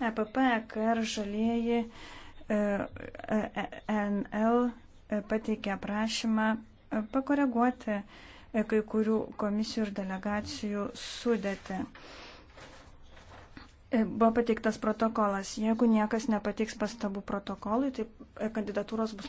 EPP, e KR žalieji, e NL e, pateikė prašymą pakoreguoti kai kurių komisijų ir delegacijų sudėti. Buvo pateiktas protokolas. Jeigu niekas nepateiks pastabų protokolui, tai kandidatūros bus